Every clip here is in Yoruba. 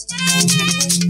Thank you.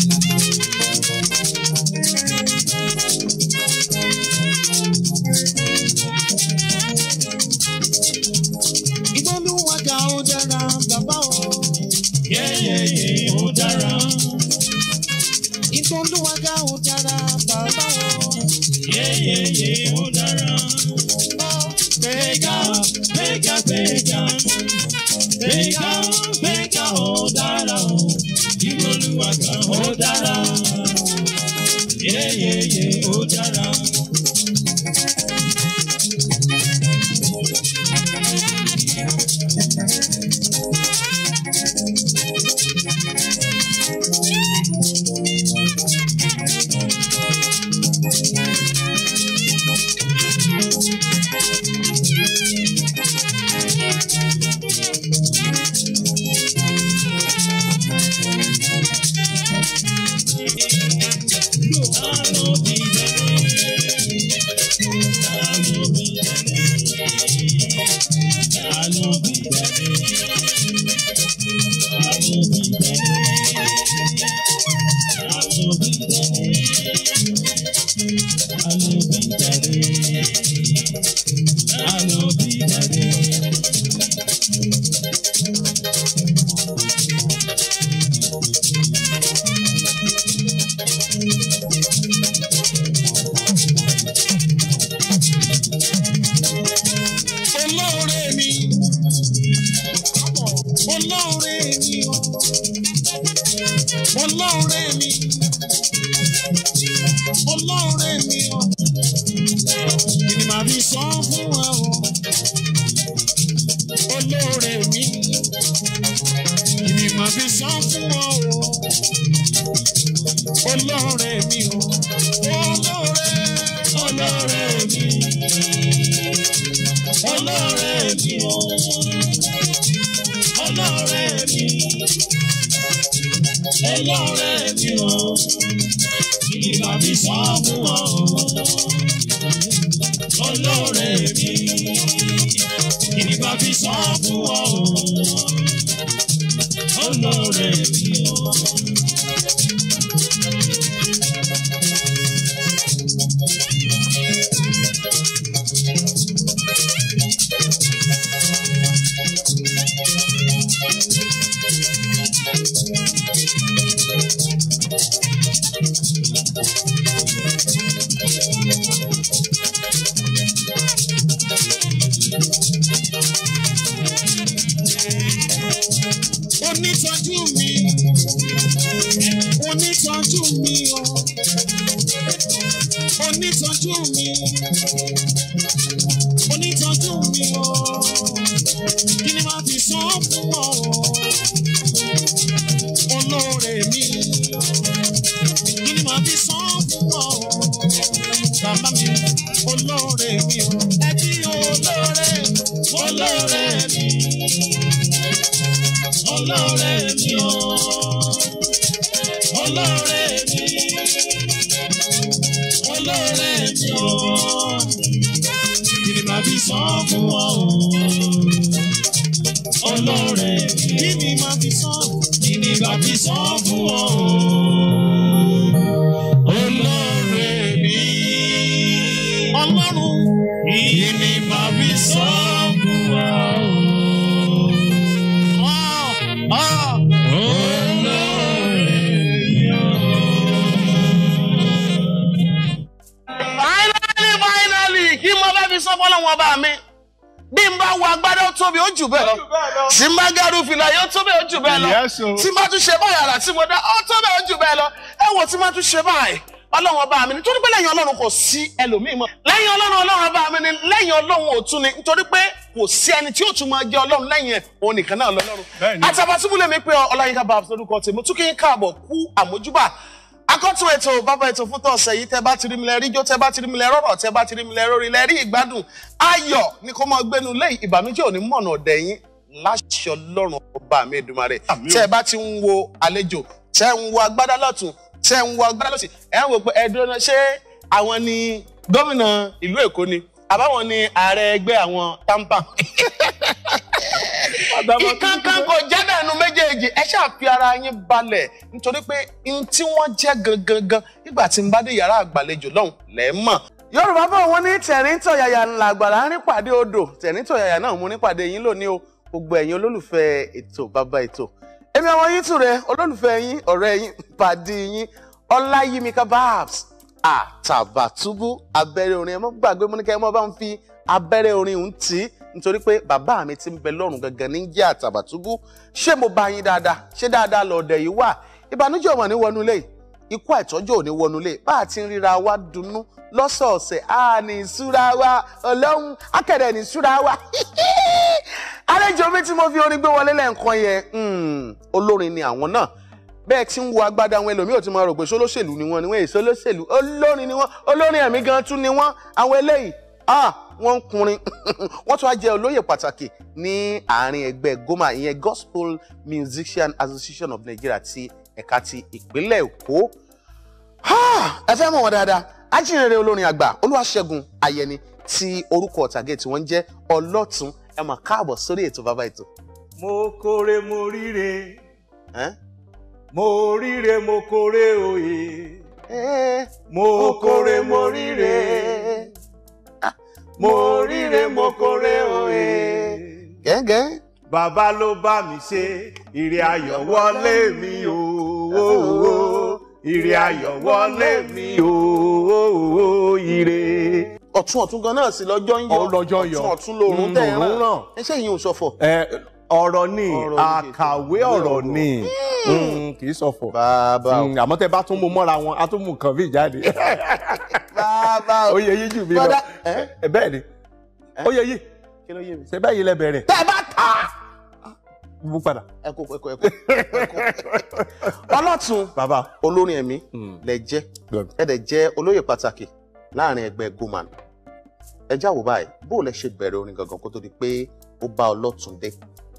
lóore mi ìmọ̀ fi san fún ọ o olóore mi o olóore olóore mi olóore mi o olóore mi olóore mi o ìmọ̀ fi san fún. onítọ́jú mi. ọlọ́run yìí ni bàbí finally finally kí mo bá fi sọ fọlọ́wọ́n bá mi bí n bá wọ agbádá ó tóbi ó jù bẹ́ẹ̀ lọ tí n bá gẹ́rù fìlà yóò tóbi ó jù bẹ́ẹ̀ lọ tí n bá tún ṣe báyàrá tí mo dá ó tóbi ó jù bẹ́ẹ̀ lọ ẹ wò tí n bá tún ṣe báyìí ọlọ́run ọba mi ni torí pé lẹ́yìn ọlọ́run kò sí ẹlòmíì mọ́ lẹ́yìn ọlọ́run ọlọ́run ọba mi ni lẹ́yìn ọlọ́run ò ni nítorí pé kò sí ẹni tí ó tún máa jẹ ọlọ́run lẹ́yìn ẹ̀ òun nìkan náà lọ́lọ́run. Àtàbàtúbú lèmi pé ọláyínká Babs lórúkọ tèmi tún kí n káàbọ̀ kú àmójúbà akọ́tún ètò bàbá ètò fún tọ̀sẹ̀ yìí tẹ́ bá ti rí mi lẹ́rí jó tẹ́ bá ti rí mi lẹ́rọ̀rọ̀ tẹ́ bá ti rí mi lẹ́rọ̀rí lẹ́rí ìgbádùn ayọ̀ ni kò mọ́ gbénu lẹ́yìn ìbànújẹ́ òní mọ̀nà ọ̀dẹ̀ yín láṣọ lọ́rùn ọba mi Èdùmàrè tẹ́ bá ti ń wo àlejò tẹ́ ń wo agbádá lọ́tún ṣé ń wọ agbára lọ́sì ẹ̀ ń wò pé ẹ̀dúró náà ṣé àwọn ni gómìnà ìlú Èkó ni àbáwọn ni ààrẹ ẹgbẹ́ àwọn tampa ìkankan kò jáde ẹnu méjèèjì ẹ ṣáà fi ara yín balẹ̀ nítorí pé n tí wọ́n jẹ́ gangan nígbà tí n bá dé yàrá àgbàlejò lọ́hùn lẹ́ẹ̀mọ̀. yorùbá bọ̀ wọ́n ní tẹ̀ríntọ̀ yàyà ńlá gbàrà pàdé odò tẹ̀ríntọ̀ yàyà náà mú ní pàdé yín lónìí o gbogbo ẹ̀yin olólùfẹ́ ètò bàbá ètò èmi àwọn yìí tù rẹ olólùfẹ́ yín ọ̀rẹ́ yín pàdé yín ọláyímíkà babs àtàbàtúbú abẹ́rẹ́ orin ẹ mọ́ gbàgbé mo ní kẹ́ ẹ mọ́ bá ń fi abẹ́rẹ́ orin ń tì í nítorí pé bàbá mi ti ń bẹ lọ́run gangan ní jẹ́ àtàbàtúbú ṣé mo bá yín dáadáa ṣé dáadáa lọ̀ọ́dẹ̀ yìí wà ìbànújẹ́ ọmọ ní wọnú lẹ́yìn ikú àìtọ́jọ́ ò ní wọnúlé bá a ti ń ríra wa dunnú lọ́sọ̀ọ̀sẹ̀ a ní ìṣúra wa ọlọ́run akẹ́rẹ́ ní ìṣúra wa àlejò mi tí mo fi orin gbé wọlé lẹ́ǹkan yẹn hmm, olórin ni àwọn náà bẹ́ẹ̀ tí ń wo agbádá àwọn ẹlòmíì ò ti máa rò pé sólóṣèlú ni wọ́n ni wọ́n èso olóṣèlú olórin ni wọ́n olórin ẹ̀mí gan tún ni wọ́n àwọn eléyìí ah wọ́n ń kunrin wọ́n tún á jẹ́ olóyè pàtàkì ní àárín ẹgbẹ́ goma ìyẹn Gospel Musician Association of Nigeria ti ẹ̀ka ti ìpínlẹ̀ èkó ẹ fẹ́ mọ̀ wọn dáadáa ajínrere olórin àgbà olúwaṣẹ́gun ayẹni tí orúkọ ọ̀tàgé tí wọ́n ń jẹ́ ọlọ́tún ẹ mà káàbọ̀ sórí ètò bàbá ètò. mo kórè mo ríre mo ríre mo kórè òye mo kórè mo ríre ah! mo ríre mo kórè òye. gẹ́gẹ́. bàbá ló bá mi ṣe ire ayọ̀ wọlé mi o o ire ayọ̀ wọlé mi o ire. ọ̀tún ọ̀tún gan náà sì lọ́jọ́ ń yọ ọlọ́jọ́ yọ ọ̀tún ọ̀tún lòrùn mm, tẹ̀ ń ràn ẹ ṣé ìyẹn ò ṣọ̀fọ̀. ọ̀rọ̀ ni àkàwé ọ̀rọ̀ ni mm, kì í ṣọ̀fọ̀ mm, àmọ́ tẹ bá tún mú mọ́ra wọn á tún mú nǹkan bíi jáde. oyè yìí jù mí lọ bẹ́ẹ̀ ni oyè yìí ṣe bẹ́ẹ̀ yìí lẹ bẹ̀rẹ̀. tẹ bá mú padà. ẹ kó ẹ kó ẹ kó ọlọ́tún bàbá olórin ẹ̀mí hmm. lẹ jẹ́ ẹ dẹ̀ jẹ́ olóyè pàtàkì láàrin ẹgbẹ́ goman ẹ jáwọ́ báyìí bó lẹ ṣe bẹ̀rẹ̀ orin gangan kó tó di pé ó bá ọlọ́tún dé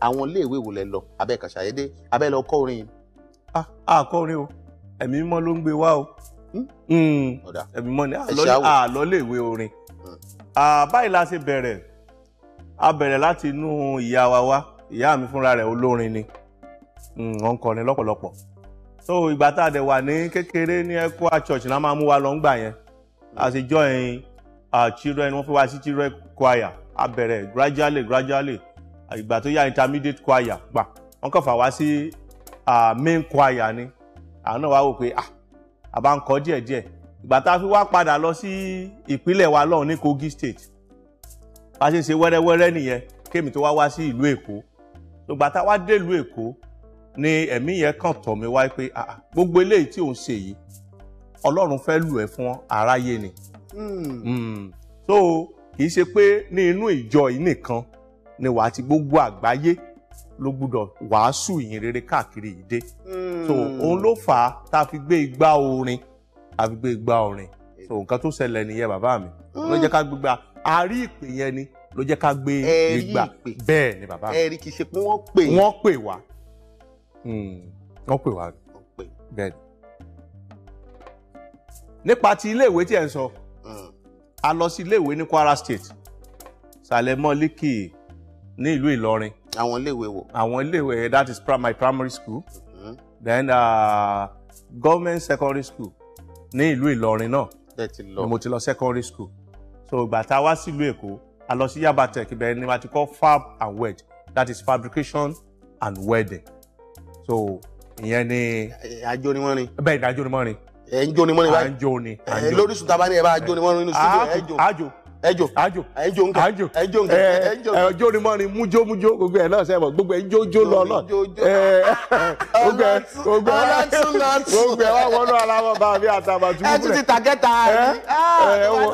àwọn iléèwé wo lẹ lọ abẹ́ kàṣàyédé abẹ́ lọ kọ́ orin yìí. Ah, a a kọ́ orin o ẹ̀mí mọ́ ló ń gbé wá o hmm? Hmm. ẹ̀mí mọ́ ni àlọ́ léèwé orin ah, báyìí la ṣe bẹ̀rẹ̀ a bẹ̀rẹ̀ láti inú ìyá wa wá ìyá mi fúnra rẹ̀ olórin ni hmm, wọ́n ń kọrin lọ́pọ̀lọpọ̀ so ìgbà tá a dẹ̀ wà ní kékeré ní ECWA church náà máa mú wa lọ ńgbà yẹn a sì join uh, children wọ́n fi wá sí children choir a bẹ̀rẹ̀ gradually gradually ìgbà tó yá intermediate choir gbà wọ́n kàn fà wá sí uh, main choir ni àwọn náà wá wò pé ah àbá ń kọ díẹ̀ díẹ̀ ìgbà tá a fi wá padà lọ sí ìpínlẹ̀ wa lọ́hùn ní Kogi state bá a ṣe ń ṣe wẹ́rẹ́wẹ́rẹ́ nìyẹn kémi tó wá wá sí ìlú Èkó ìgbà tá a wá délùú èkó ni ẹ̀mí yẹn kàn tọ̀ mí wáyé pé ah, ah, gbogbo eléyìí tí òun ṣe yìí ọlọ́run fẹ́ lù ẹ́ fún aráyé ni. Hmm. Hmm. so kì í ṣe pé ní inú ìjọ yìí nìkan ni wàá ti gbogbo àgbáyé ló gbúdọ̀ wàásù ìyìn rere káàkiri yìí dé. Hmm. so òun ló fà á tá a fi gbé igbá orin a fi gbé igbá orin so nǹkan tó ṣẹlẹ̀ nìyẹn bàbá mi ló ká gbégbá a rí ìpè yẹn ni ló jẹ́ ká gbé ìgbà bẹ́ẹ̀ ni bàbá mi. ẹ̀rí kì í ṣe pé wọ́n pè é. Hmm. wọ́n pè wá wọ́n pè wá bẹ́ẹ̀ ni. nípa ti iléèwé tí ẹ̀ ń sọ hmm. a lọ sí iléèwé ní Kwara State Salemo Lekki ní ìlú Ìlọrin. àwọn iléèwé wo. àwọn iléèwé that is my primary school mm -hmm. then uh, government secondary school ní ìlú Ìlọrin náà ni mo ti lọ secondary school so ìgbà tá a wá sílùú Èkó a lọ sí Yaba Tech ibẹ̀ ni wọ́n ti kọ́ fab and wed that is fabrication and wedding. so ìyẹn ni. àjò ni wọ́n rin. bẹ́ẹ̀ ni àjò ni wọ́n rin. ẹ ń jó ni wọ́n rin báyìí. à ń jó ni. ẹ lóríṣun tá a bá ní ẹ bá jó ni wọ́n rin nínú studio ẹ jó. àjò ẹjọ ẹjọ ẹjọ nǹkan ẹjọ ẹjọ nǹkan ẹjọ eh, ẹjọ eh, ni mọrin mújó mújó gbogbo ẹ náà sẹbọ gbogbo ẹ jójó lọ náà eh, gbogbo ẹ gbogbo ẹ gbogbo ẹ wà wọnú ara wọn bá mi àtàbàtú. ẹ tún ti tàkẹ́ta ẹ ẹ wọ́n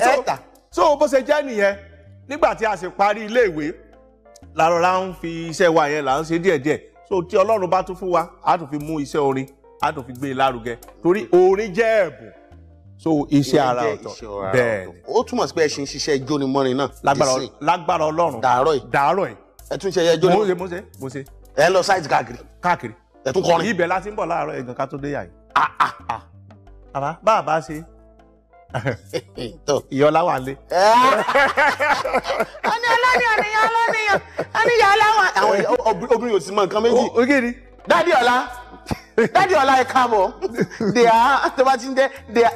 ẹ tà so bó ṣe jẹ́ nìyẹn nígbà tí a sì parí iléèwé la rọra ń fi iṣẹ́ wa yẹn là ń ṣe díẹ̀díẹ̀ so tí ọlọ́run bá tún fún wa á tún fi mú iṣẹ́ orin á tún fi gbé e lárugẹ torí orin jẹ́ ẹ̀bùn so iṣẹ́ ara ọ̀tọ̀ bẹ́ẹ̀ ni. ó túmọ̀ sí pé ẹ ṣe ń ṣiṣẹ́ jónimọ́rin náà. lágbára ọlọ́run dàárọ̀ yìí dàárọ̀ yìí. ẹ tún ṣe ẹjọ́ ni. mo ṣe mo ṣe mo ṣe. ẹ lọ ṣáìtì káàkiri. káàkiri. ẹ tún kọrin. ibẹ̀ la ti ń bọ̀ láàárọ̀ ẹ̀gàn ká tó dé yà ah, ah, ah. bá a bá ṣe tó ìyọlá wà lé. ó ní ọlọ́nìyàn ní ìyá ọlọ́nìyàn ó ní ìyá ọlá wà. àwọn obìnrin ò sì mọ nǹkan méjì. ó kéde. dádì ọlá dádì ọlá ẹ káàbọ̀ dèá tó bá ti ń jẹ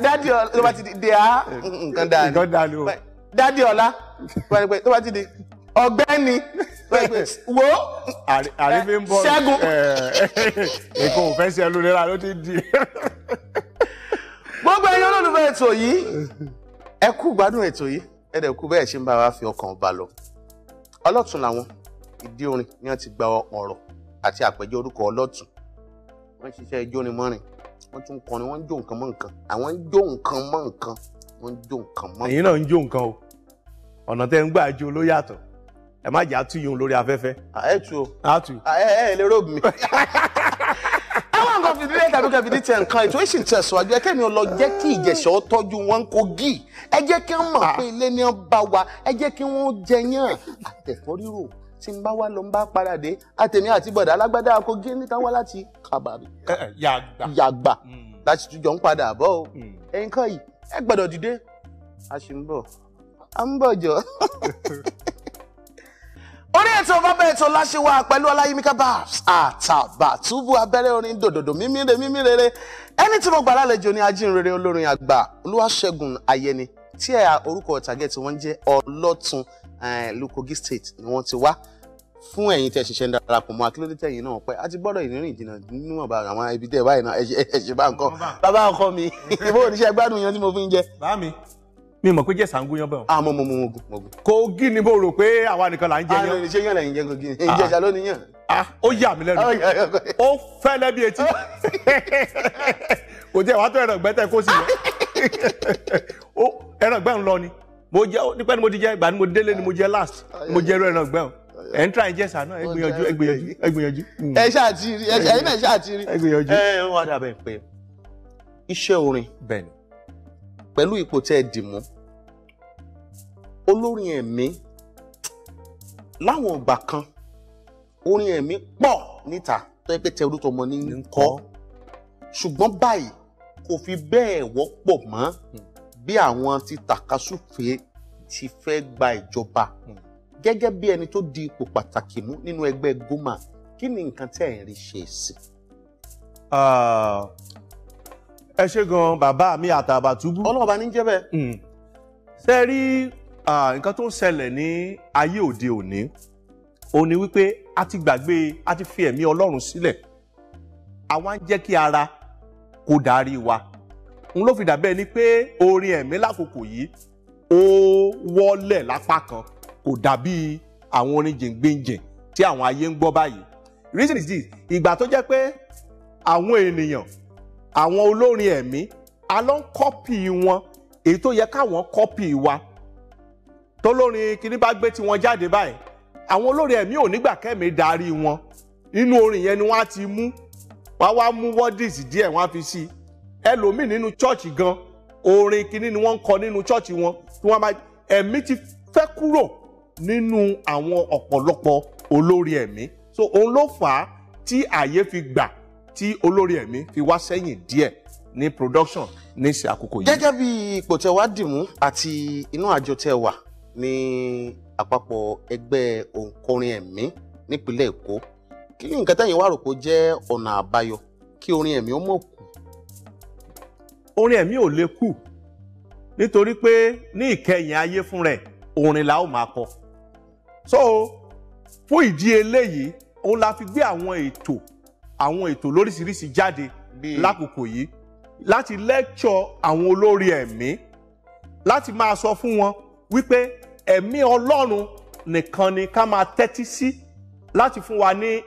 dádì ọlá tó bá ti di dèá nǹkan dáa ni nǹkan dáa ni o dádì ọlá tó bá ti di ọ̀gbẹ́ni wo ṣẹ́gun. èkó eh, eh, eh, ò fẹ́ ṣe ẹlú rẹ ló ti di gbogbo ẹ̀yin olólùfẹ́ ètò yìí ẹ kú gbádùn ètò yìí ẹ dẹ̀ kú bẹ́ẹ̀ ṣe ń bá wa fi ọkàn bá lọ ọlọ́tún làwọn ìdí orin ni wọ́n ti gba ọ̀rọ̀ àti àpèjẹ orúkọ ọlọ́tún wọ́n ń ṣiṣẹ́ ijó ni mọ́rin wọ́n tún kọrin wọ́n ń jó nǹkan mọ́ nǹkan àwọn ń jó nǹkan mọ́ nǹkan wọ́n ń jó nǹkan mọ́ nǹkan. ẹ̀yin náà ń jó nǹkan o ọ̀nà tẹ́ ń gbà jó ló yàtọ̀ ẹ má jà á lórí afẹ́fẹ́. ẹ tu o ẹ ẹ lè mi. káwọn nǹkan fìdí lẹ́tà ló kẹ́ fìdí nǹkan ètò ìsìn tẹ̀síwájú ẹ kẹ́mi lọ jẹ́ kí ìjẹ̀ṣẹ̀ ó tọ́jú wọn kó gì ẹ jẹ́ kí wọ́n mọ̀ pé ilé ni wọ́n bá wa ẹ jẹ́ kí wọ́n jẹ yàn àtẹ̀fọ́ rírò tí n bá wá lọ n bá paradé àtẹ̀mí àti bọ̀dà alágbádá akogé níta wá láti kábàárì. yàgbà hmm. láti tún jọ ń padà bọ̀ o hmm. ẹ̀yin yìí ẹ gbọ́dọ̀ dìde a sì ń bọ̀ à ń bọ̀ jọ. orí ètò bàbá ètò láṣẹwà pẹ̀lú ọláyímíkà babs àtàbàtúbú abẹ́rẹ́ orin dòdòdò mímíre mímírere ẹni tí mo gbà lálejò ní ajínrere olórin àgbà olúwaṣẹ́gun ayẹni tí ẹ̀ orúkọ tàgẹ́ tí wọ́n jẹ́ ọlọ́tun eh, lu Kogi State ni wọ́n ti wá fún ẹ̀yin tẹ́ ṣiṣẹ́ ń darapọ̀ mọ́ akílódé tẹ̀yìn náà pẹ́ àti gbọ́dọ̀ ìrìn ìjìnà níwọ̀n bá àwọn ibi tẹ́ báyìí náà ẹ ṣe bá nǹkan bàbá ọkọ mi ìbò oníṣẹ́ gbádùn yan tí mo fi ń jẹ. bá mi mi mọ̀ pé jẹ̀sà ń gúnyán bẹ́ẹ̀ o. àmọ́ ah, mo mo mo gùn mo gùn. kogi ni mo rò pé àwa nìkan là ń jẹ ah, yán. àwọn ènìyàn yàn lẹ́yìn jẹ kogi ni ah. ìjẹ̀sà ló níyàn. ó yà mí lẹ́nu ó fẹ́lẹ́ bí etí kò jẹ́ wàá tó ẹ̀rọ gbẹ́tẹ̀ kó sì lọ ẹ̀rọ gbẹ́ ń lọ ni mo jẹ nípa ni mo ti jẹ ìgbà ni mo délé ni mo jẹ last mo jẹ ẹ̀rọ gbẹ́ o ẹ̀ ń tra ìjẹ̀sà náà ẹ gbìyànjú ẹ gbìyànjú ẹ gbìyànjú. Hmm. ẹ ṣáà ti rí ẹ̀yin náà ṣáà ti rí. ẹ gbìyànjú. ẹ ń wá dàbẹ̀ pé iṣẹ́ orin bẹ́ẹ̀ ni pẹ̀lú ipò tẹ́ ẹ dì mú olórin ẹ̀mí láwọn ìgbà kan orin ẹ̀mí pọ̀ níta tó yẹ pé tẹ orúkọ ọmọ ní ń kọ́ ṣùgbọ́n báyìí kò fi bẹ́ẹ̀ wọ́pọ̀ mọ́ hmm. bí àwọn ti tàkasúfè ti fẹ́ gba ìjọba hmm. gẹ́gẹ́ bí ẹni tó di ipò pàtàkì mú nínú ẹgbẹ́ goma kí ni nǹkan tẹ́ ẹ̀ rí ṣe sí. ẹ ṣe gan bàbá mi àtàbàtúbú. ọlọ́ọ̀bá ní jẹ́ bẹ́ẹ̀. Hmm. ṣe rí nǹkan tó ń ṣẹlẹ̀ ní ayé òde òní òun ni wípé a ti gbàgbé a ti fi ẹ̀mí ọlọ́run sílẹ̀ àwa ń jẹ́ kí ara kó darí wa n ló fi dàbẹ́ ni pé orin ẹ̀mí lákòókò yìí ó wọ́lẹ̀ lápá kan kò dàbí àwọn orin jìngbìnjìn tí àwọn ayé ń gbọ́ báyìí reason is this ìgbà tó jẹ́ pé àwọn ènìyàn àwọn olórin ẹ̀mí a lọ ń kọ́pì wọn èyí tó yẹ káwọn kọ́pì wa tolórin kiri bá gbé tiwọn jáde báyìí àwọn olórin ẹ̀mí ò nígbà kẹ́mi darí wọn inú orin yẹn ni wọ́n á ti mú wọ́n á wá mú wọ́dìs díẹ̀ wọ́n á fi sí i ẹlòmíì nínú chọ́ọ̀chì gan orin kínní ni wọ́n ń kọ nínú chọ́ọ̀chì wọn tí wọ́n máa ẹ̀mí ti fẹ́ kúrò nínú àwọn ọ̀pọ̀lọpọ̀ olórin ẹ̀mí so òun ló fà á tí ààyè fi gbà tí olórin ẹ̀mí fi wá sẹ́yìn díẹ̀ ní production ní ìsìn àkókò yìí. gẹ́gẹ́ bí ipò tẹ wá dìmú àti inú àjọ tẹ wà ní àpapọ̀ ẹgbẹ́ òǹkọrin ẹ̀mí nípínlẹ̀ Èkó kí ni nǹkan tẹ̀yìn wá rò pé jẹ́ ọ̀nà àbáyọ kí orin ẹ̀mí ó mọ̀ kù. orin ẹ̀mí ò lè kù nítorí pé ní ìkẹyìn ayé fún rẹ̀ orin la ó máa kọ so fún ìdí eléyìí òun la fi gbé àwọn ètò àwọn ètò lóríṣiríṣi jáde lákòókò yìí láti lecture àwọn olórí ẹ̀mí láti máa sọ fún wọn wípé ẹ̀mí ọlọ́run nìkan ni ká máa tẹ́tí sí láti fún wa ní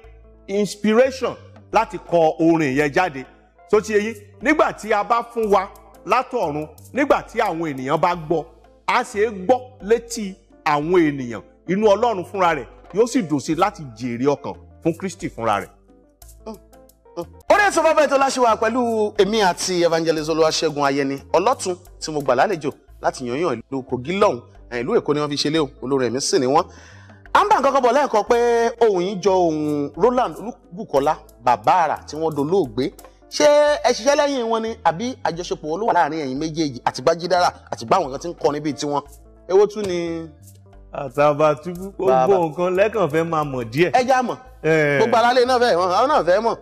inspiration láti kọ orin yẹn jáde tó ti yẹyí nígbà tí a bá fún wa látọ̀run nígbà tí àwọn ènìyàn bá gbọ́ a sì é gbọ́ létí àwọn ènìyàn inú ọlọ́run fúnra rẹ̀ yóò sì dùn sí láti jèrè ọkàn fún Kristi fúnra rẹ̀. orí ètò bàbá ètò láṣẹ wà pẹ̀lú èmi àti evangelist Olúwaṣẹ́gun Ayẹni ọlọ́tun tí mo gbà lálejò láti yanyan ìlú Kogi lọ́hùn ìlú Èkó ni wọ́n fi ṣe olórin ẹ̀mí sì ni wọ́n. à ń bá nǹkan kan pé ohùn yìí jọ ohùn Roland Olúbùkọ́lá bàbá àrà tí wọ́n dolóògbé ṣé ẹ ṣiṣẹ́ lẹ́yìn wọn ni àbí àjọṣepọ̀ olówó láàrin ẹ̀yin méjèèjì àtìgbà jídára àtìgbà àwọn kan ti ń kọrin bíi tiwọn èwo tún ni àtàbàtúbú gbogbo nǹkan lẹ́kàn fẹ́ máa mọ̀ díẹ̀. ẹ já mọ̀ gbogbo aráalé náà fẹ́ mọ̀ àwọn náà fẹ́ mọ̀.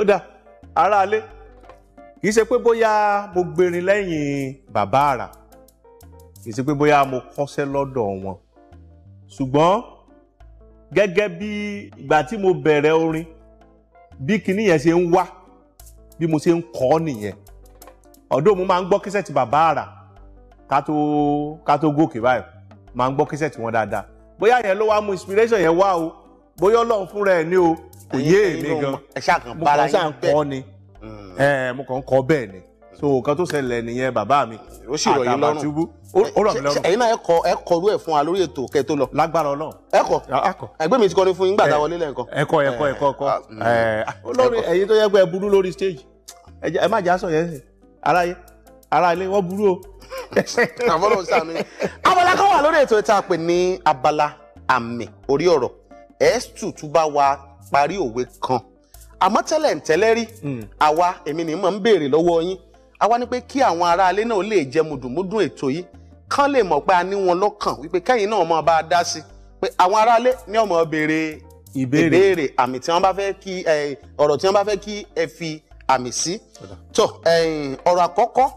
ó dáa aráalé kì í ṣe pé bóyá mo gbèrin lẹ́yìn bàbá àrà kì í ṣe pé bóyá mo kọ́ṣẹ́ lọ́dọ̀ wọn ṣùgbọ́n gẹ́gẹ́ bí ìgbà tí mo bẹ̀rẹ̀ orin bí kinní yẹn ṣe ń wá bí mo ṣe ń kọ́ nìyẹn ọ̀dọ́ mo máa ń gbọ́ kíṣẹ́ ti bàbá àrà ká tó ká tó gòkè báyìí máa ń gbọ́ kíṣẹ́ ti wọn dáadáa bóyá yẹn ló wá mú inspiration yẹn wá o bóyá ọlọ́run fúnra ẹ̀ ní o kò yé èmi gan mo kàn ṣáà ń kọ́ ni hmm. mo kàn ń kọ́ bẹ́ẹ̀ ni. so nǹkan tó ṣẹlẹ̀ nìyẹn bàbá mi ó náà ẹ fún wa lórí lọ. lágbára mi ti fún lẹ́ẹ̀kan. ẹkọ ẹkọ ẹkọ ẹ stage ẹ má jásọ yẹn ara ilé wọn burú o. àbọ̀lọ̀ sàmì. abala kan wà lórí ètò ìta pè ní abala àmì orí ọ̀rọ̀ tún bá wa parí òwe kan àmọ́ tẹ́lẹ̀ ń rí hmm. àwa èmi a wá ní pé kí àwọn aráalé náà lè jẹ mùdùmúdùn ètò yìí kán lè mọ̀ pé a ní wọn lọ́kàn wípé kẹ́yìn náà mọ̀ bá a dá sí pé àwọn aráalé ní ọmọ béèrè ìbéèrè àmì tí wọ́n bá fẹ́ kí ọ̀rọ̀ tí wọ́n bá fẹ́ kí ẹ fi àmì sí tó ọ̀rọ̀ àkọ́kọ́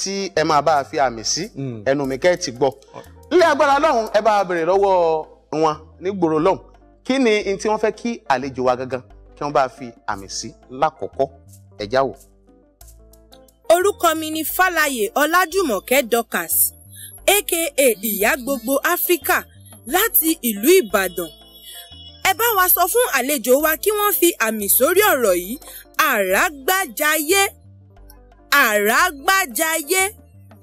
tí ẹ máa bá a fi àmì sí hmm. ẹnu mi kẹ́ ti gbọ́ nílé agbára lọ́hùn ẹ bá a béèrè lọ́wọ́ wọn nígboro lọ́hùn kí ni n tí wọ́n fẹ́ kí àlejò wa gangan kí wọ́n bá a fi àmì sí lákọ̀ọ́kọ́ ẹ jáwọ́ orúkọ mi ni Fálàyé Ọlájùmọ̀kẹ́ Dorcas aka ìyá gbogbo Áfíríkà láti ìlú Ìbàdàn ẹ bá wa sọ fún àlejò wa kí wọ́n fi àmì sórí ọ̀rọ̀ yìí àràgbájayé àràgbájayé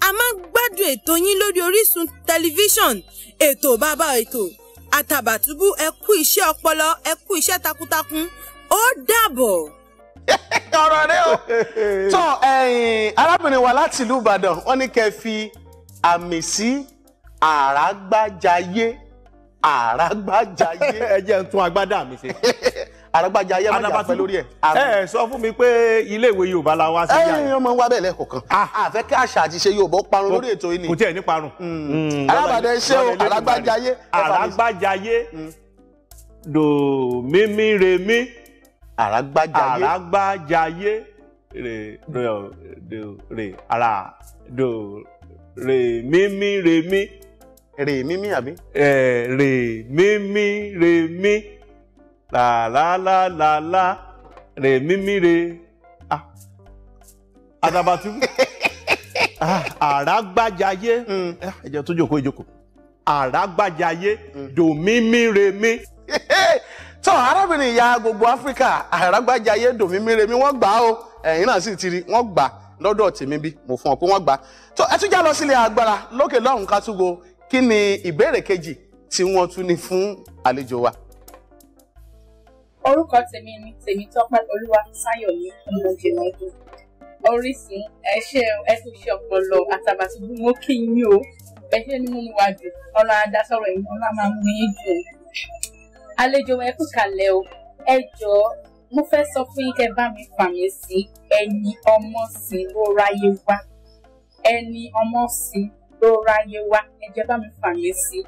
a máa ń gbádùn ètò yín lórí Orísun tẹlifíṣàn ètò bàbá ètò Àtàbàtúbú ẹ kú iṣẹ́ ọpọlọ ẹ kú takuntakun ó dàbọ̀ ọ̀rọ̀ rẹ o tọ́ arábìnrin wa láti ìlú Ìbàdàn wọ́n ní kẹ́ fi àmì sí àràgbájayé àràgbájayé. ẹ jẹ́ n tún agbádá mi ṣe. àràgbájayé má jà pẹ́ lórí ẹ̀. ẹ sọ fún mi pé ilé ìwé Yorùbá la wá sí yàrá. ẹyìn ọmọ wa bẹ̀rẹ̀ kọ̀ọ̀kan. àfẹ́ ah. kí àṣà àti ṣe Yorùbá parun lórí ètò yìí ni. kò tiẹ̀ ní parun. Mm. Mm. alábàdàn ṣé o àràgbájayé. àràgbájayé mm. dòmímíremí àràgbájayé àràgbájayé rè rè rè rè ara do rè mímí rè mí. rè mímí àbí. ẹ rè mímí rè mí làlàlàlà rè mímí rè ah Àtàbàtúbú ah, àràgbájayé mm. eh, ẹ jẹ́ tó jókòó ìjókòó àràgbájayé mm. dòmímíremí tó arábìnrin ìyá gbogbo áfíríkà àràgbájayé dòmímírèmí wọ́n gbà á o ẹ̀yin náà sì ti rí wọ́n gbà lọ́dọ̀ tèmi bí mo fún ọ pé wọ́n gbà tó ẹ tún já lọ sílé agbára lókè lọ́hùn ká túgo kí ni ìbéèrè kejì tí wọ́n tún ní fún àlejò wa. orúkọ tèmi ni Tèmítọ́pẹ́ Olúwasáyọ̀mí ọmọdé mọ́dún Orísun ẹ ṣé ẹ tó ṣe ọpọlọ Àtàbàtúbú mo kí yín o ẹ ṣé ni mo mú wa dùn ọlọ adásọ̀rọ̀ yìí ọlọ máa mú yín dùn àlejò ẹ kú kalẹ̀ o ẹ jọ mo fẹ́ sọ fún yín kẹ́ bá mi fàmì sí ẹni ọmọ sí ló ráyé wá ẹni ọmọ sí ló ráyé wá ẹ jẹ́ bá mi fàmì sí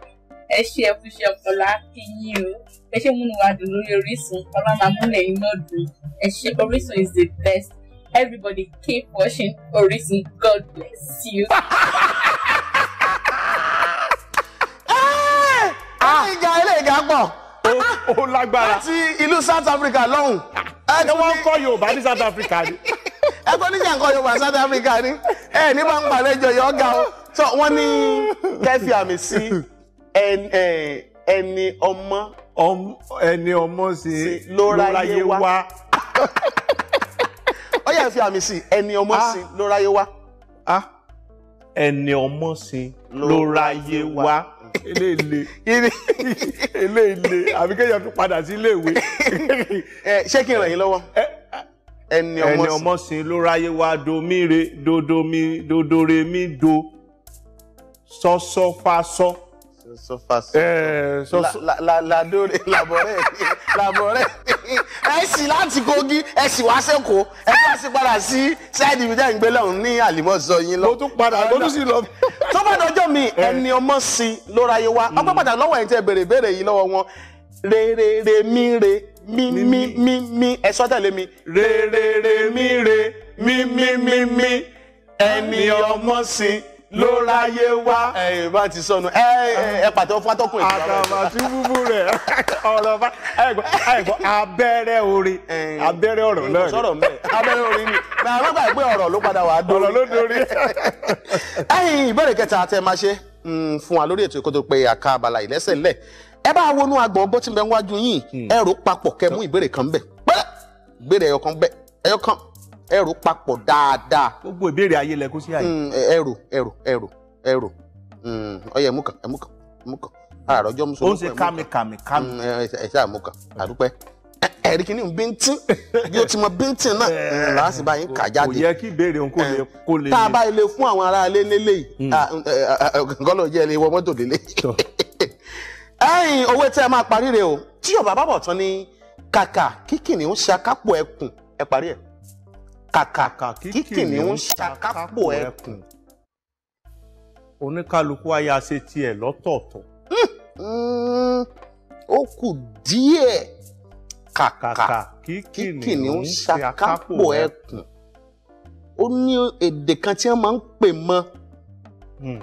ẹ ṣe ẹ fún ṣe ọpọlọ akínyìn o ẹ ṣe múnú wa dùn lórí Orísun ọlọ́mà múlẹ̀ yín náà dùn ẹ ṣe Orísun is the best everybody keep watching Orísun God bless you. Ah! Ah! ìjà ilé ìga pọ̀ ó lágbára. láti ìlú South Africa lọ́hùn. Ah, ẹ wọ́n kọ́ Yorùbá ní South Africa ni. ẹ kọ́ níjà ń kọ́ Yorùbá South Africa ni. ẹ ní bá ń gbàlejò yọ ọ̀gá o. so wọ́n ní kẹ́fì àmì sí ẹni ọmọ. ẹni ọmọ sí lóráyé wá. ó yẹ fi àmì sí ẹni ọmọ ah. sí lóráyé wá. Ah. ẹni ọmọ sí lóráyé wá ilé ilé ilé ilé àbí kéèyàn tún padà sí ilé ìwé. Eh, ṣé kí n ràn yín lọ́wọ́ eh, ẹni eh, ọmọ sin ló ráyé wá domire dodomi mi do sọsọfasọ. So, so, fa, so sọfàsì. ẹ eh, La la la labore ẹ sì láti Kogi ẹ sì wá sẹ́kọ̀ọ́ ẹ bá sì padà sí sáìdì ìbílẹ̀ ìgbé lọ́hùn ní àlìmọ́sọ yín lọ. mo tún padà mo tún sì lọ. tó bá dọjọ́ mi eh. ẹni ọmọ sí lóráyé wa ọgbọ́n pàtàkì lọ́wọ́ ẹ̀yin tẹ́ béèrè béèrè yìí lọ́wọ́ wọn re re re mi re mi mi mi mi ẹ sọ tẹ̀lé mi. re re re mi re mi mi mi mi ẹni ọmọ sí ló láyé wá. ẹ ẹ bá ti sọnù ẹ ẹ pàtó fún atọ́kùn ìgbà rẹ. àtàbàtú búbú rẹ ọ̀rọ̀ bá àìgbọ́ abẹ́rẹ́ orin abẹ́rẹ́ ọ̀rọ̀ náà ni sọ̀rọ̀ mbẹ́ abẹ́rẹ́ orin ni bàbá gbà pé ọ̀rọ̀ ló padà wà dórí. ọ̀rọ̀ ló dórí. ẹ̀yin ìbéèrè kẹta tẹ máa ṣe mm, fún wa lórí ètò ìkótó pé àka abala ìlẹ́sẹ̀ ńlẹ̀ ẹ bá wọnú agbọ̀n bó ti bẹ wájú yín hmm. ẹ rò papọ̀ kẹ mú ìbéèrè kan bẹ̀ pẹ́ ìbéèrè ẹyọ kan bẹ̀ ẹyọ kan ẹrù papọ̀ dáadáa. gbogbo ìbéèrè ayé lẹ kó sí àyè. Mm, ẹrù ẹrù ẹrù ẹrù ọyẹ mm, ẹmú kan ẹmú kan ẹmú kan àrà ọjọ́ musu. ó ń ṣe kàmì kàmì kàmì. Mm, ẹ ṣe àmú kan àdúpẹ́ ẹ̀rí kìíní ń bíntín bí ó ti mọ bíntín náà láti bá yín kà jáde. kò yẹ kí ìbéèrè òun kò lè eh, kó lè. tá a bá ilé fún àwọn ará ilé lélẹ́yìí nǹkan hmm. eh, lọ́ọ́ jẹ́ ilé wọ mọ́tò délé. ẹ̀yin owó tí a máa parí rẹ̀ o tí Yorùbá bá bọ̀ tán ní kàkà kíkìnì ń ṣe akápò ẹkùn ẹ parí ẹ̀ kàkà kí kìnìún ṣàkápò ẹkùn oníkálukú á yá ṣe tiẹ̀ lọ́tọ̀ọ̀tọ̀. Hmm, ó kù díẹ̀ kàkà kí kìnìún ṣàkápò ẹkùn ó ní èdè kan tí wọ́n máa ń pè mọ́. Hmm.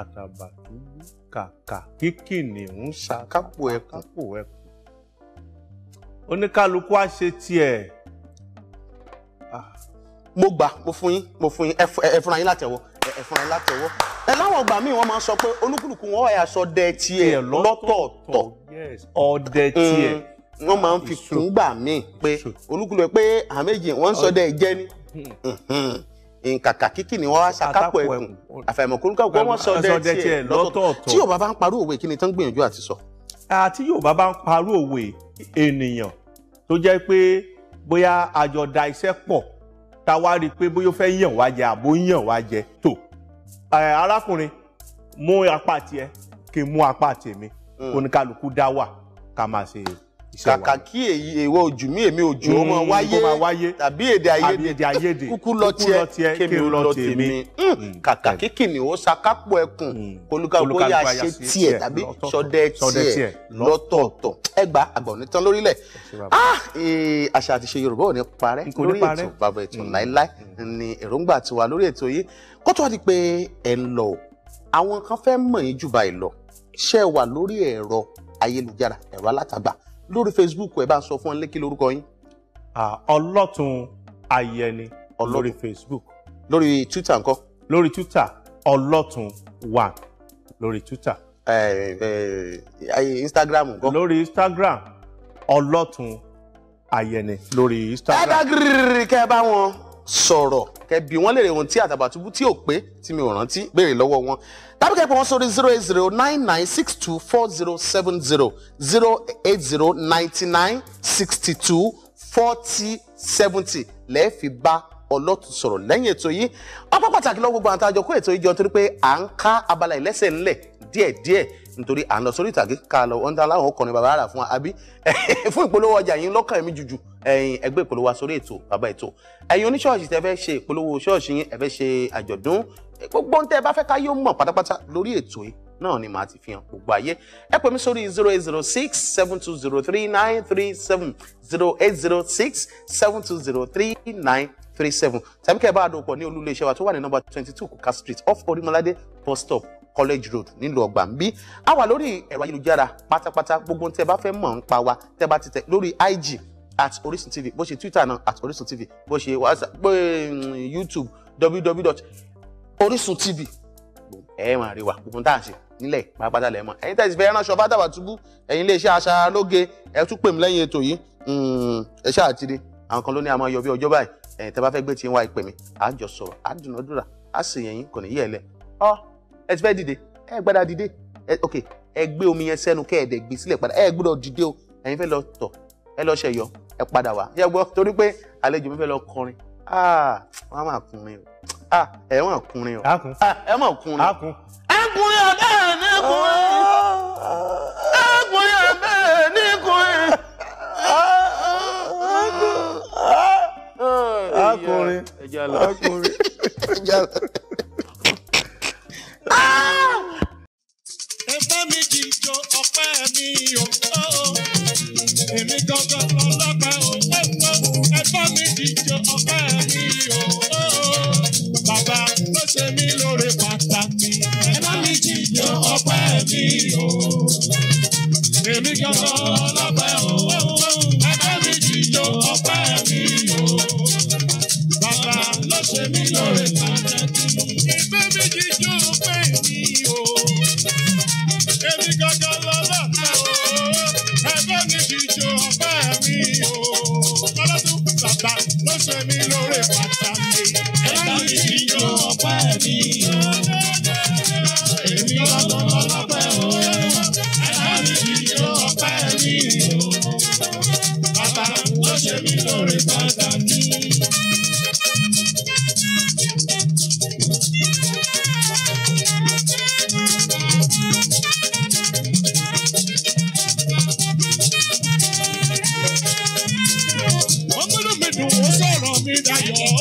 àtàbàtúbú kàkà kí kìnìún ṣàkápò ẹkùn oníkálukú á ṣe tiẹ̀ mo gbà mo fún yín mo fún yín ẹ fúnra yín látẹ̀wọ́ ẹ fúnra yín látẹ̀wọ́ ẹ láwọn ọgbà míì wọ́n máa ń sọ pé olúkúlùkù wọn wà aṣọ dẹ tiẹ̀ lọ́tọ̀ọ̀tọ̀ ọdẹ mm. tiẹ̀ wọ́n máa ń fi kún gbà míì pé olúkúlùkù pé àméjì wọ́n ń sọ dẹ jẹ́ ni nkàkà kíkì ni wọ́n wá ṣàkápọ ẹkùn àfàìmọkúrú káwọn kọ sọ dẹ tiẹ̀ lọ́tọ̀ọ̀tọ̀ tí Yorùbá bá ń parú òwe kí ni tán gbìyànjú àti sọ. àti Yorùbá bá ń parú òwe ènìyàn tó jẹ́ pé bóyá àjọ da iṣẹ́ pọ̀ ta wá rí i pé bóyá ó fẹ́ yàn wá jẹ àbó yàn wá jẹ tó arákùnrin mú apá tiẹ̀ kí n mú apá tèmi hmm. oníkálukú dá wà ká máa ṣe kàkà kí èyí èwọ ojú mi èmi ojú ó máa mm, wáyé tàbí èdè àìyedè kúkú lọ tiẹ̀ kémi lọ tèmi mm, mm, kàkà kí kìnìún ó sakápò ẹkùn kólúkálukú yà ṣe tiẹ̀ tàbí ṣọdẹ tiẹ̀ lọ́tọ̀ọ̀tọ̀ ẹgbàá àgbà onítàn lórílẹ̀ ah, e, àṣà àti ṣe Yorùbá ò ní parẹ́ lórí ètò bàbá ètò láéláé ni èròǹgbà tiwa lórí ètò yìí kó tó wá di pé ẹ ń lọ àwọn kan fẹ́ mọ̀ yín jù báyìí lọ ṣé wà lórí ẹ̀rọ ayélujára ẹ̀rọ alátagbà lórí facebook ẹ bá sọ fún ọ lé kí lórúkọ yín. ọlọ́tún ayẹni lórí facebook. lórí twitter ńkọ́. lórí twitter ọlọ́tún one lórí twitter. ẹ instagram ńkọ́. lórí instagram ọlọ́tún ayẹni lórí instagram. ẹ dágìrì kẹ́ ẹ bá wọn sọ̀rọ̀ kẹ́ bí wọ́n lè rè ohun tí àtàbàtúbú tí ò pé tí mi ò rántí béèrè lọ́wọ́ wọn tàbí kẹ́kẹ́ wọn sórí zero eight zero nine nine six two four zero seven zero zero eight zero ninety nine sixty two forty seventy lẹ́ẹ̀fi bá ọlọ́tún sọ̀rọ̀ lẹ́yìn ètò yìí ọpọ́ pàtàkì lọ́wọ́ gbogbo àwọn àtàjọ kó ètò yìí jọ nítorí pé à ń ká abala ìlẹ́sẹ̀ ńlẹ̀ díẹ̀díẹ̀ nítorí à ń lọ sórí ìtàgé ká lọ ọ̀ńdà láwọn ọkùnrin bàbá rà fún wa àbí fún ìpolówó ọjà yìí lọ́kàn mi jùjù ẹ̀yin ẹgbẹ́ ìpolówó wa sórí ètò bàbá ètò ẹ̀yin oníṣọ́ọ̀ṣì tẹ́ fẹ́ ṣe ìpolówó ṣọ́ọ̀ṣì yín ẹ fẹ́ ṣe àjọ̀dún gbogbo ohun tẹ́ ẹ bá fẹ́ ká yóò mọ̀ pátápátá lórí ètò yìí náà ni màá ti fi hàn gbogbo ayé ẹ pè mí sórí zero eight zero six seven two zero three nine three seven zero eight zero six seven two zero three nine three seven tàbí kẹ́ ẹ bá àdópọ̀ ní olú wa tó wà ní nọ́mbà twenty two kuka street off orímọládé bus stop college road nílùú ọgbà ń bí a wà lórí ẹ̀rọ ayélujára pátápátá gbogbo ohun tẹ́ ẹ bá fẹ́ mọ̀ ń pa wa tẹ́ ẹ bá ti tẹ̀ lórí ig at orisun tv bó ṣe twitter náà at orisun tv bó ṣe whatsapp mm, youtube www Orísun TV ẹ máa rí wa gbogbo tá à ń ṣe nílẹ̀ pápátá lẹ̀ mọ́ ẹ̀yin tẹ̀sí fẹ́ ránṣọ fádàbà túbú ẹ̀yin iléeṣẹ́ aṣara lóge ẹ tún pè mí lẹ́yìn ètò yìí hmm, ẹ ṣáà ti rí àwọn kan ló ní àmọ́ yọ bí ọjọ́ báyìí ẹ̀yin tẹ́ bá fẹ́ gbé tí ń wá ìpè mí àjọ sọ̀rọ̀ àdùnàdùrà á sì yẹ̀yìn kò ní yẹ̀ lẹ̀ ọ ẹ ti fẹ́ dìde ẹ gbọ́dọ̀ dìde ok ẹ gbé omi yẹn sẹ́nu kẹ́ ẹ dẹ̀ gbé sílẹ̀ padà ẹ gbọ́dọ̀ dìde o ẹ̀yin fẹ́ lọ tọ̀ ẹ lọ ṣẹ̀yọ ẹ padà wá yẹ gbọ́ torí pé àlejò mi fẹ́ lọ kọrin ah wọ́n á máa kùnrin o ah ẹ wọn kunrin o ah, ẹ wọn kunrin ẹ kunrin ọbẹ ní kunrin ẹ kunrin ọbẹ ní kunrin. akunrin akunrin ẹ̀fọ́ mi ti jo ọ̀pá mi o. Èmi gangan lọ́lọ́pàá o. Ẹ̀fọ́ mi ti jo ọ̀pá mi o. よ Yeah.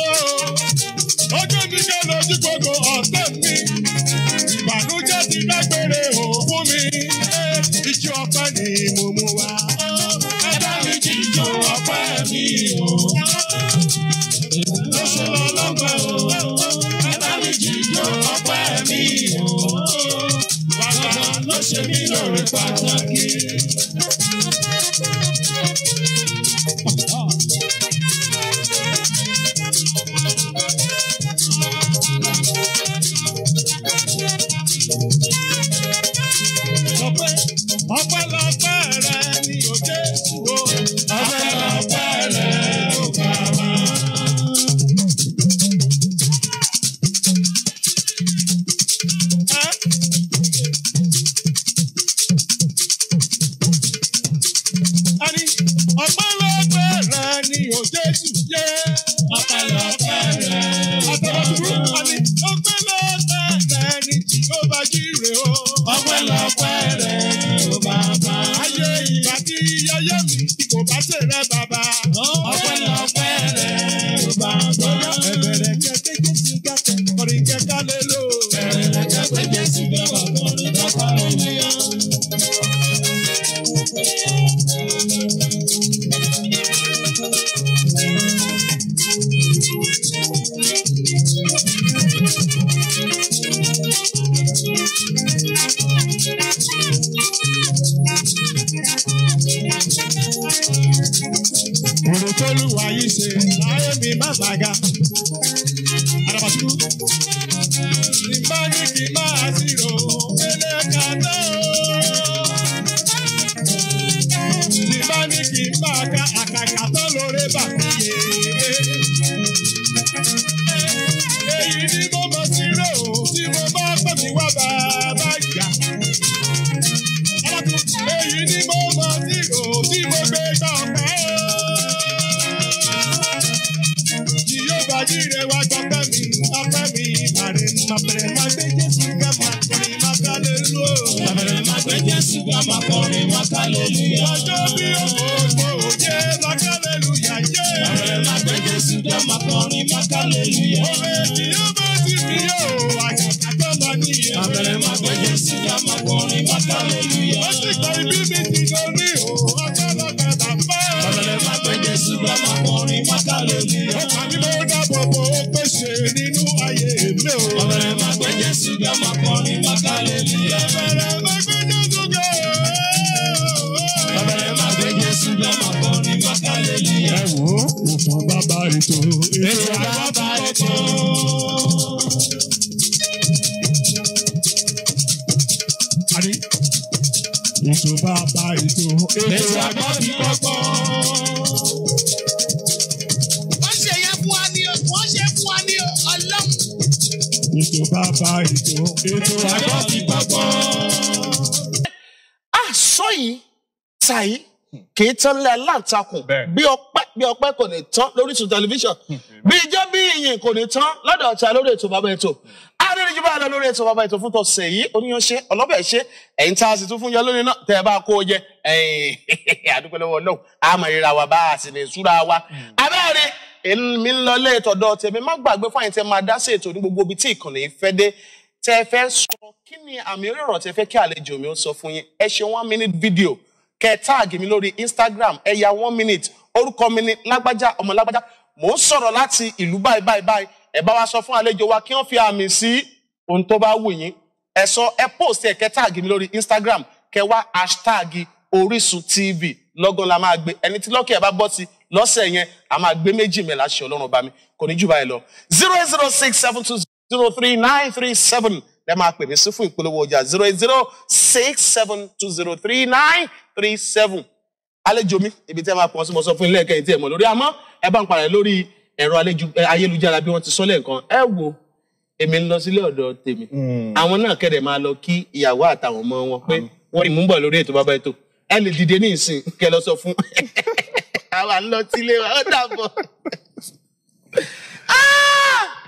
ní kí n bá ká àkàkà tó lóore bàbá yé. ètò èrò àbábá ètò. Ètò bàbá ètò èrò àbábí ọgbọ́n. Wọ́n ṣe yẹ fún wa ní o, wọ́n ṣe fún wa ní o, ọlọ́run. Ètò bàbá ètò èrò àbábí. kì í tán lé aláǹtakùn bí ọpẹ́ bí ọpẹ́ kò ní tán lórí Orísun tẹlifíṣàn hmm. bí ijó bí ìyìn kò ní tán lọ́dọ̀ ọ̀tá lórí ètò bàbá ètò adédèjì jùlọ àlọ́ lórí ètò bàbá ètò fún tọ̀sẹ̀ yìí oníyanṣe ọlọ́bẹ̀ ṣe ẹ̀yìn tá a sì tún fún yọ lónìí náà tẹ́ ẹ bá kó o jẹ ẹ̀yìn àdúgbò lọ́wọ́ náà àmọ̀ wa bá a sì lè súra wa hmm. abẹ́rẹ́ èmi ń lọ lé ìtọ̀dọ̀ tèmi má gbàgbé fáyín tẹ́ máa dá sí ètò ní gbogbo ibi tí ìkànnì one minute video kẹ́ táàgì mi lórí Instagram ẹ̀yà one minute orúkọ mi ni lágbájá ọmọ lágbájá mò ń sọ̀rọ̀ láti ìlú báyìí báyìí báyìí ẹ bá wa sọ fún àlejò wa kí wọ́n fi àmì sí ohun tó bá wù yín ẹ sọ ẹ post ẹ kẹ́ táàgì mi lórí Instagram kẹ́ wá hashtag Orísun TV lọ́gán la máa gbé ẹni tí lọ́kì ẹ̀ bá bọ́ sí lọ́sẹ̀ yẹn a máa gbé méjì mẹ́la ṣe ọlọ́run bá mi kò ní jù báyìí lọ zero eight zero six seven two zero three nine three seven lẹ́ máa pè mí sí fún ìpolówó ọjà zero eight zero six seven two zero three nine three seven àlejò mi ibi tí ẹ máa pọ̀ sí mo sọ fún ilé ẹ̀kẹ́ ìtì ẹ̀mọ́ lórí àmọ́ ẹ bá ń parẹ́ lórí ẹ̀rọ ayélujára bí wọ́n ti sọ lẹ́ẹ̀kan ẹ wo èmi ń lọ sílé ọ̀dọ̀ tèmi hmm. àwọn náà kẹ̀dẹ̀ máa lọ kí ìyàwó àtàwọn ọmọ wọn pé hmm. wọ́n rí mú bọ̀ lórí ètò bàbá ètò ẹ lè dìde ní ìsìn kẹ lọ sọ fún àwa ń lọ sílé wa ó dàbọ̀. Ah!